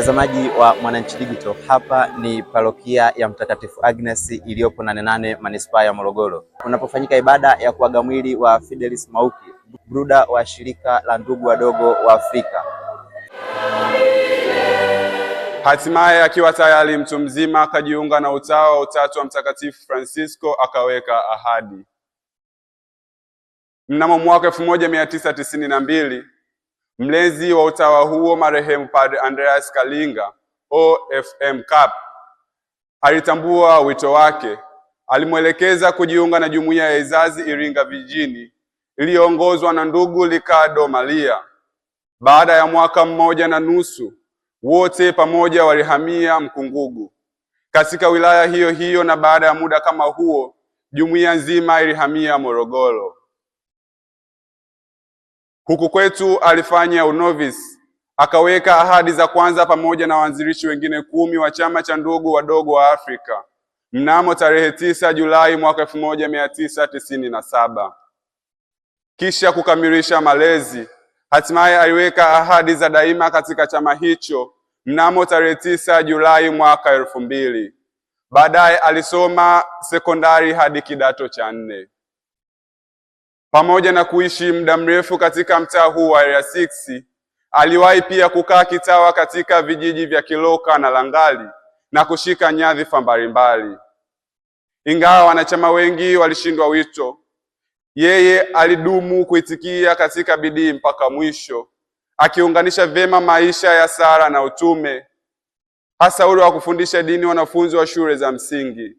Mtazamaji wa Mwananchi Digital, hapa ni parokia ya Mtakatifu Agnes iliyopo Nanenane, manispaa ya Morogoro, unapofanyika ibada ya kuaga mwili wa Fidelis Mauki, bruda wa shirika la ndugu wadogo wa Afrika. Hatimaye akiwa tayari mtu mzima, akajiunga na utawa wa Utatu wa Mtakatifu Francisco, akaweka ahadi. Mnamo mwaka elfu moja mia tisa tisini na mbili Mlezi wa utawa huo marehemu Padre Andreas Kalinga OFM Cap alitambua wito wake, alimwelekeza kujiunga na jumuiya ya Izazi Iringa vijijini iliyoongozwa na ndugu Ricardo Malia. Baada ya mwaka mmoja na nusu, wote pamoja walihamia Mkungugu katika wilaya hiyo hiyo, na baada ya muda kama huo jumuiya nzima ilihamia Morogoro. Huku kwetu alifanya unovis, akaweka ahadi za kwanza pamoja na waanzilishi wengine kumi wa chama cha ndugu wadogo wa Afrika mnamo tarehe tisa Julai mwaka elfu moja mia tisa tisini na saba kisha kukamilisha malezi. Hatimaye aliweka ahadi za daima katika chama hicho mnamo tarehe tisa Julai mwaka elfu mbili. Baadaye alisoma sekondari hadi kidato cha nne. Pamoja na kuishi muda mrefu katika mtaa huu wa Area 6, aliwahi pia kukaa kitawa katika vijiji vya Kiloka na Langali na kushika nyadhifa mbalimbali. Ingawa wanachama wengi walishindwa wito, yeye alidumu kuitikia katika bidii mpaka mwisho, akiunganisha vyema maisha ya sala na utume, hasa ule wa kufundisha dini wanafunzi wa shule za msingi.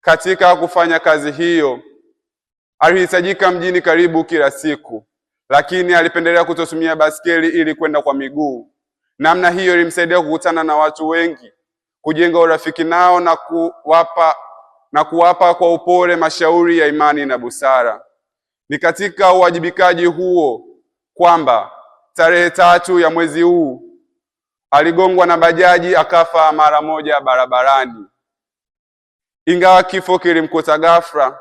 Katika kufanya kazi hiyo Alihitajika mjini karibu kila siku, lakini alipendelea kutotumia baskeli ili kwenda kwa miguu. Namna hiyo ilimsaidia kukutana na watu wengi, kujenga urafiki nao na kuwapa na kuwapa kwa upole mashauri ya imani na busara. Ni katika uwajibikaji huo kwamba tarehe tatu ya mwezi huu aligongwa na bajaji akafa mara moja barabarani. Ingawa kifo kilimkuta ghafla,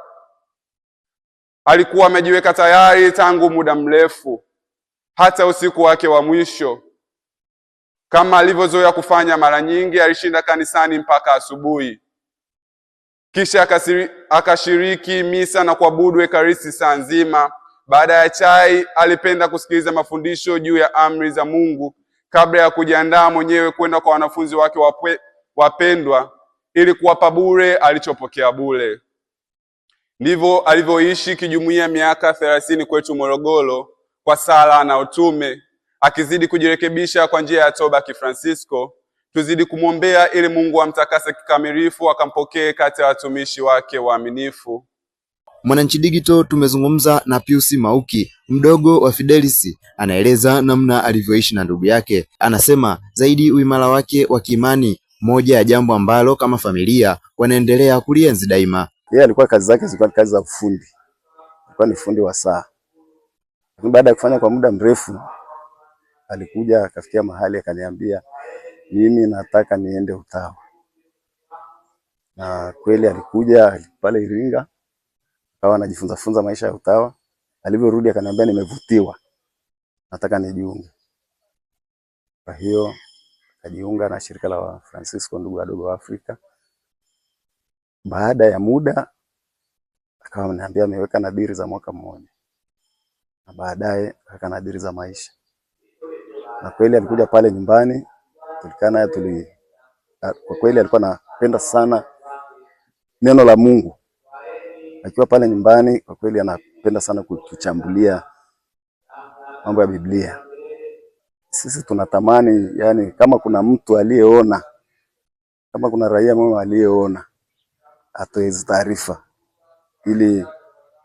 Alikuwa amejiweka tayari tangu muda mrefu, hata usiku wake wa mwisho, kama alivyozoea kufanya mara nyingi, alishinda kanisani mpaka asubuhi, kisha akashiriki misa na kuabudu Ekaristi saa nzima. Baada ya chai, alipenda kusikiliza mafundisho juu ya amri za Mungu kabla ya kujiandaa mwenyewe kwenda kwa wanafunzi wake wapendwa ili kuwapa bure alichopokea bure. Ndivyo alivyoishi kijumuiya miaka thelathini kwetu Morogoro kwa sala na utume, akizidi kujirekebisha kwa njia ya toba Kifransisko. Tuzidi kumwombea ili Mungu amtakase kikamilifu, akampokee kati ya watumishi wake waaminifu. Mwananchi Digital tumezungumza na Pius Mauki, mdogo wa Fidelis, anaeleza namna alivyoishi na ndugu yake. Anasema zaidi uimara wake wa kiimani, moja ya jambo ambalo kama familia wanaendelea kulienzi daima. Yeye alikuwa kazi zake zilikuwa kazi za ufundi, alikuwa ni fundi wa saa, lakini baada ya kufanya kwa muda mrefu alikuja akafikia mahali akaniambia, mimi nataka niende utawa. Na kweli alikuja pale Iringa akawa anajifunza funza maisha ya utawa. Alivyorudi akaniambia, nimevutiwa, nataka nijiunge. Kwa hiyo akajiunga na shirika la francisco ndugu wadogo wa Afrika. Baada ya muda akawa ananiambia ameweka nadiri za mwaka mmoja, na baadaye akaweka nadhiri za maisha. Na kweli alikuja pale nyumbani tulikaa naye tuli, ah, kwa kweli alikuwa anapenda sana neno la Mungu. Akiwa pale nyumbani, kwa kweli anapenda sana kutuchambulia mambo ya Biblia. Sisi tunatamani yani, kama kuna mtu aliyeona, kama kuna raia mama aliyeona atoe hizi taarifa ili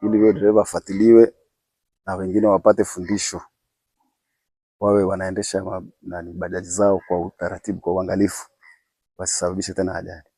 ili huyo dereva afuatiliwe na wengine wapate fundisho, wawe wanaendesha nani bajaji zao kwa utaratibu, kwa uangalifu, wasisababishe tena ajali.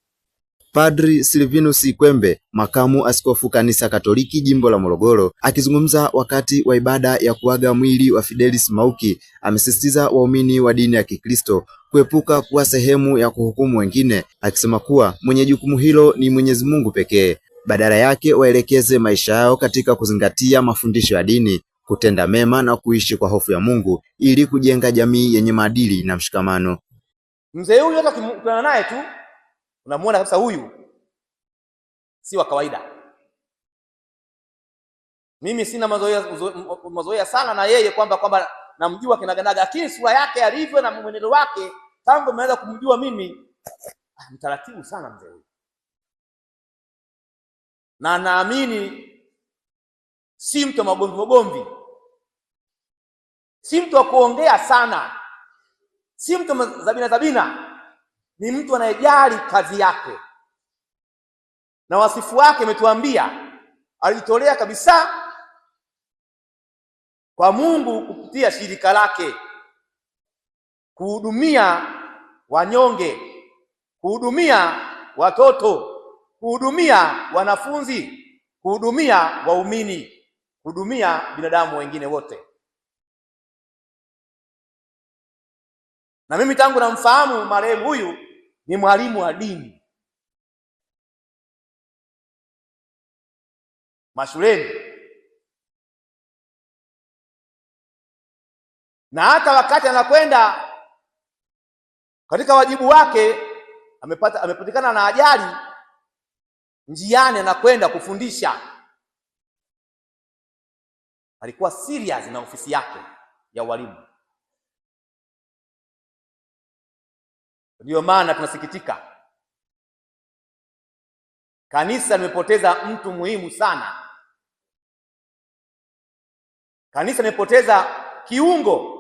Padri Silvinus Ikwembe, makamu askofu kanisa Katoliki jimbo la Morogoro, akizungumza wakati wa ibada ya kuaga mwili wa Fidelis Mauki, amesisitiza waumini wa dini ya Kikristo kuepuka kuwa sehemu ya kuhukumu wengine, akisema kuwa mwenye jukumu hilo ni Mwenyezi Mungu pekee. Badala yake waelekeze maisha yao katika kuzingatia mafundisho ya dini, kutenda mema na kuishi kwa hofu ya Mungu ili kujenga jamii yenye maadili na mshikamano. Mzee huyu hata ukikutana naye tu Unamuona kabisa huyu si wa kawaida. Mimi sina mazoea mazoea sana na yeye kwamba kwamba namjua kinaganaga, lakini sura yake alivyo na mwenendo wake tangu nimeanza kumjua mimi, mtaratibu ah, sana mzee huyu, na naamini si mtu wa magomvi magomvi, si mtu wa kuongea sana, si mtu wa zabina zabina ni mtu anayejali kazi yake, na wasifu wake imetuambia alijitolea kabisa kwa Mungu kupitia shirika lake kuhudumia wanyonge, kuhudumia watoto, kuhudumia wanafunzi, kuhudumia waumini, kuhudumia binadamu wengine wote. Na mimi tangu namfahamu marehemu huyu ni mwalimu wa dini mashuleni, na hata wakati anakwenda katika wajibu wake amepata, amepatikana na ajali njiani, anakwenda kufundisha, alikuwa serious na ofisi yake ya walimu. Ndiyo maana tunasikitika, kanisa limepoteza mtu muhimu sana. Kanisa limepoteza kiungo,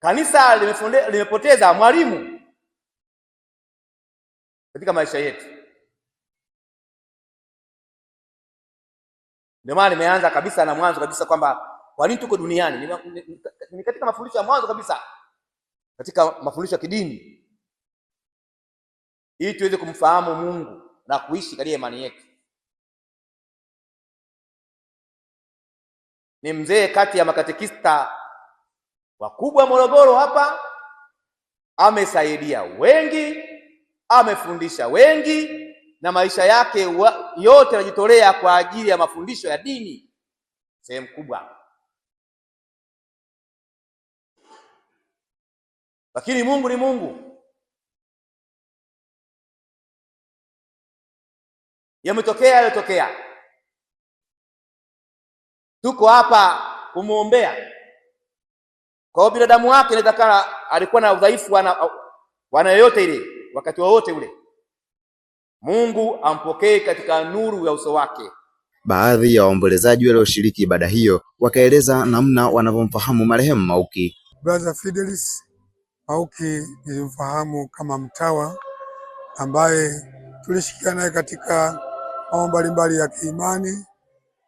kanisa limepoteza mwalimu katika maisha yetu. Ndio maana nimeanza kabisa na mwanzo kabisa kwamba kwa nini tuko duniani. Ni katika mafundisho ya mwanzo kabisa katika mafundisho ya kidini ili tuweze kumfahamu Mungu na kuishi katika imani yetu. Ni mzee kati ya makatekista wakubwa Morogoro hapa, amesaidia wengi, amefundisha wengi, na maisha yake yote yanajitolea kwa ajili ya mafundisho ya dini sehemu kubwa lakini Mungu ni Mungu. Yametokea yaliyotokea, tuko hapa kumuombea Kwa hiyo binadamu wake nitakana alikuwa na udhaifu wana yote ile, wakati wowote ule. Mungu ampokee katika nuru ya uso wake. Baadhi ya waombolezaji walioshiriki ibada hiyo wakaeleza namna wanavyomfahamu marehemu Mauki. Brother Fidelis Pauki nilimfahamu kama mtawa ambaye tulishikia naye katika mambo mbalimbali ya kiimani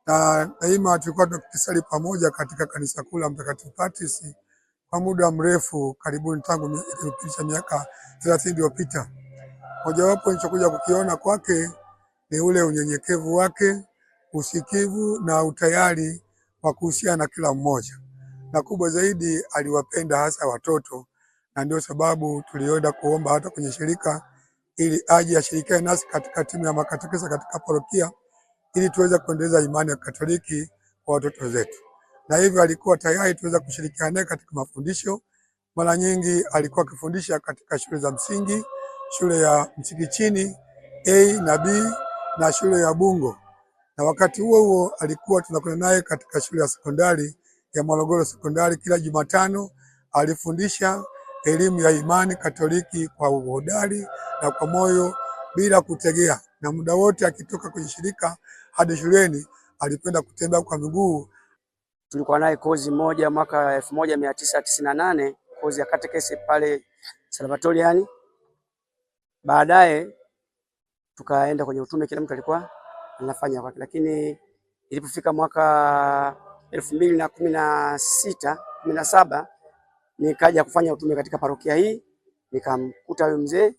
na daima tulikuwa tukisali pamoja katika kanisa kuu la Mtakatifu Patris kwa muda mrefu, karibuni tangu ikipitisha miaka thelathini iliyopita. Mojawapo nilichokuja kukiona kwake ni ule unyenyekevu wake, usikivu na utayari wa kuhusiana na kila mmoja, na kubwa zaidi aliwapenda hasa watoto na ndio sababu tulienda kuomba hata kwenye shirika ili aje ashirikiane nasi katika timu ya makatekesa katika parokia ili tuweze kuendeleza imani ya Katoliki kwa watoto wetu. na hivyo alikuwa tayari tuweza kushirikiana naye katika mafundisho. Mara nyingi alikuwa akifundisha katika shule za msingi, shule ya msingi chini A na B na shule ya Bungo, na wakati huo huo alikuwa tunakwenda naye katika shule ya sekondari ya Morogoro Sekondari. Kila Jumatano alifundisha elimu ya imani Katoliki kwa uhodari na kwa moyo bila kutegea, na muda wote akitoka kwenye shirika hadi shuleni alipenda kutembea kwa miguu. Tulikuwa naye kozi moja mwaka elfu moja mia tisa tisini na nane kozi ya katekesi pale Salvatoriani. Baadaye tukaenda kwenye utume, kila mtu alikuwa anafanya kwake, lakini ilipofika mwaka elfu mbili na kumi na sita kumi na saba nikaja kufanya utume katika parokia hii, nikamkuta huyo mzee,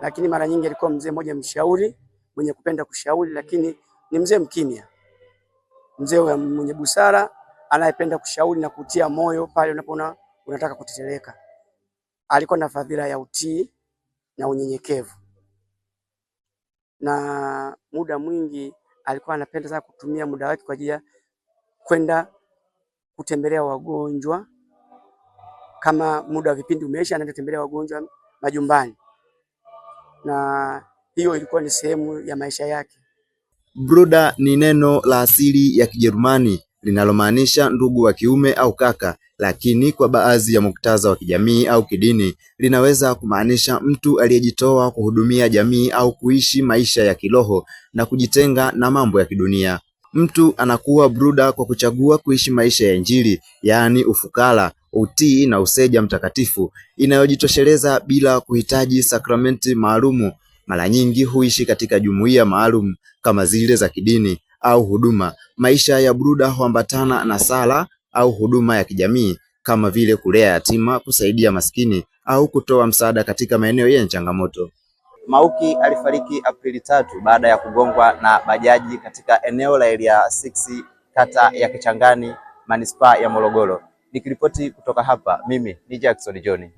lakini mara nyingi alikuwa mzee mmoja mshauri, mwenye kupenda kushauri, lakini ni mzee mkimya, mzee mwenye busara, anayependa kushauri na kutia moyo pale unapoona unataka kutetereka. Alikuwa na fadhila ya utii na unyenyekevu, na muda mwingi alikuwa anapenda sana kutumia muda wake kwa ajili ya kwenda kutembelea wagonjwa kama muda wa vipindi umeisha, anaenda tembelea wagonjwa majumbani, na hiyo ilikuwa ni sehemu ya maisha yake. Bruda ni neno la asili ya Kijerumani linalomaanisha ndugu wa kiume au kaka, lakini kwa baadhi ya muktadha wa kijamii au kidini linaweza kumaanisha mtu aliyejitoa kuhudumia jamii au kuishi maisha ya kiroho na kujitenga na mambo ya kidunia. Mtu anakuwa bruda kwa kuchagua kuishi maisha ya Injili, yaani ufukara, utii na useja mtakatifu inayojitosheleza bila kuhitaji sakramenti maalumu. Mara nyingi huishi katika jumuiya maalum kama zile za kidini au huduma. Maisha ya Bruda huambatana na sala au huduma ya kijamii kama vile kulea yatima, kusaidia maskini au kutoa msaada katika maeneo yenye changamoto. Mauki alifariki Aprili tatu baada ya kugongwa na bajaji katika eneo la Area 6 kata ya Kichangani manispaa ya Morogoro. Nikiripoti kutoka hapa, mimi ni Jackson John.